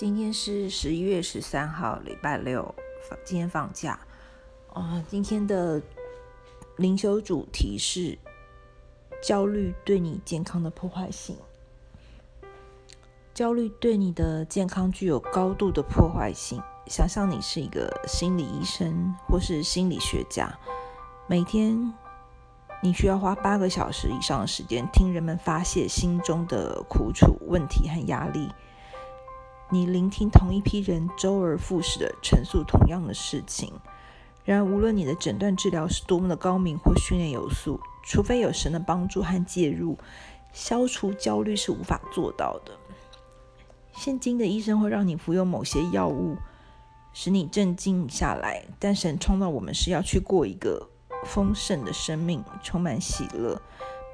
今天是十一月十三號，禮拜六，放，今天放假。啊、哦，今天的靈修主題是焦慮對你健康的破壞性。焦慮對你的健康具有高度的破壞性。想象你是一個心理醫生或是心理學家，每天你需要花八個小時以上的時間聽人們發洩心中的苦楚、問題和壓力。你聆聽同一批人週而復始的陳述同樣的事情。然而，無論你的診斷治療是多麼的高明或訓練有素，除非有神的幫助和介入，消除焦慮是無法做到的。現今的醫生會讓你服用某些藥物，使你鎮靜下來。但神創造我們是要去過一個豐盛的生命，充滿喜樂、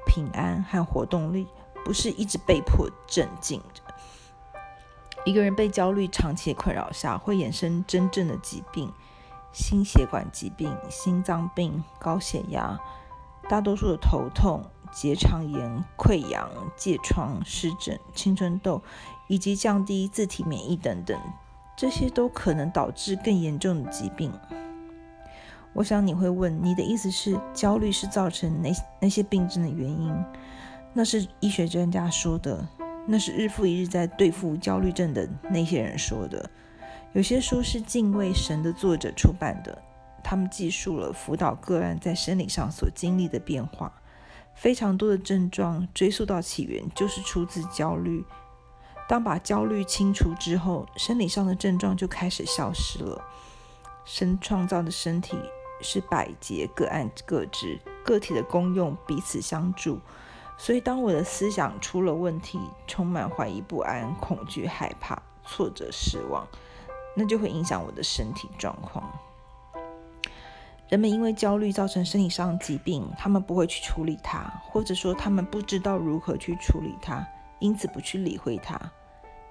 平安和活動力，不是一直被迫鎮靜。一個人被焦慮長期的困擾下，會衍生真正的疾病，心血管疾病、心臟病、高血壓，大多數的頭痛、結腸炎、潰瘍、疥瘡、濕疹、青春痘，以及降低自體免疫等等，這些都可能導致更嚴重的疾病。我想你會問，你的意思是焦慮是造成那那些病症的原因？那是醫學專家說的。那是日復一日在對付焦慮症的那些人說的。有些書是敬畏神的作者出版的，他們記述了輔導個案在生理上所經歷的變化。非常多的症狀追溯到起源，就是出自焦慮。當把焦慮清除之後，生理上的症狀就開始消失了。神創造的身體是百節，各按各職，各體的功用彼此相助。所以，當我的思想出了問題，充滿懷疑、不安、恐懼、害怕、挫折、失望，那就會影響我的身體狀況。人們因為焦慮造成身體上的疾病，他們不會去處理它，或者說他們不知道如何去處理它，因此不去理會它。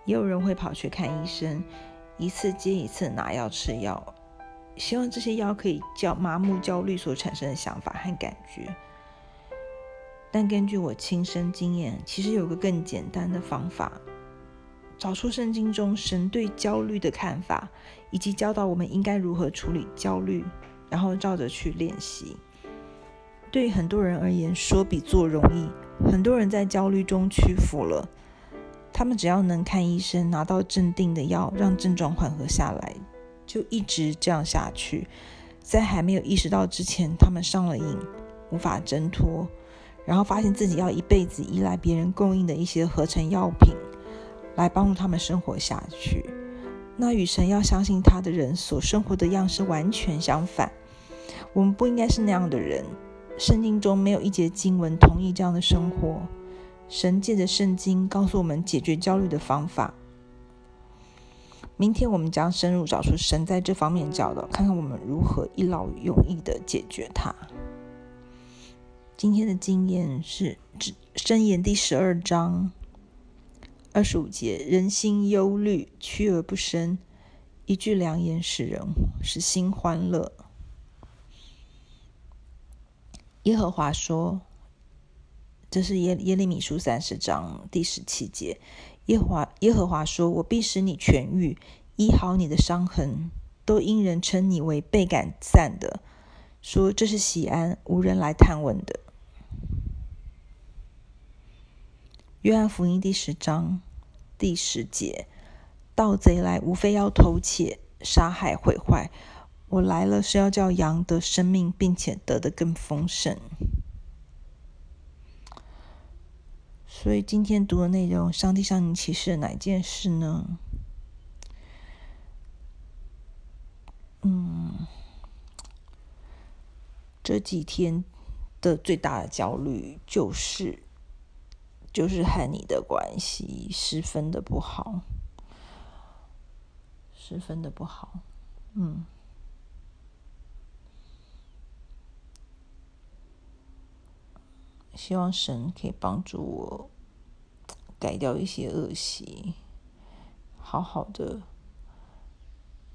也有人會跑去看醫生，一次接一次拿藥吃藥，希望這些藥可以叫麻木焦慮所產生的想法和感覺。但根據我親身經驗，其實有個更簡單的方法：找出聖經中神對焦慮的看法，以及教導我們應該如何處理焦慮，然後照着去練習。對很多人而言，說比做容易。很多人在焦慮中屈服了，他們只要能看醫生，拿到鎮定的藥，讓症狀緩和下來，就一直這樣下去。在還沒有意識到之前，他們上了癮，無法掙脫。然後發現自己要一輩子依賴別人供應的一些合成藥品來幫助他們生活下去。那與神要相信他的人所生活的樣式完全相反。我們不應該是那樣的人。聖經中沒有一節經文同意這樣的生活。神借着聖經告訴我們解決焦慮的方法。明天我們將深入找出神在這方面教導，看看我們如何一勞永逸地解決它。今天的經驗是《箴言》第十二章二十五節：“人心憂慮，屈而不伸；一句良言使人，使心歡樂。”耶和華說：“這是耶耶利米書三十章第十七節。耶”耶華耶和華說：“我必使你痊愈，醫好你的傷痕，都因人稱你為被趕散的，說這是錫安，無人來探問的。”約翰福音第十章第十節：盜賊來，無非要偷竊、殺害、毀壞。我來了，是要叫羊得生命，並且得的更豐盛。所以今天讀的內容，上帝向你啟示哪一件事呢？嗯，這幾天的最大的焦慮就是。就是和你的關係十分的不好，十分的不好。嗯，希望神可以幫助我改掉一些惡習，好好的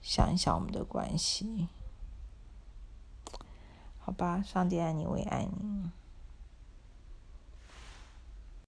想一想我們的關係。好吧，上帝愛你，我也愛你。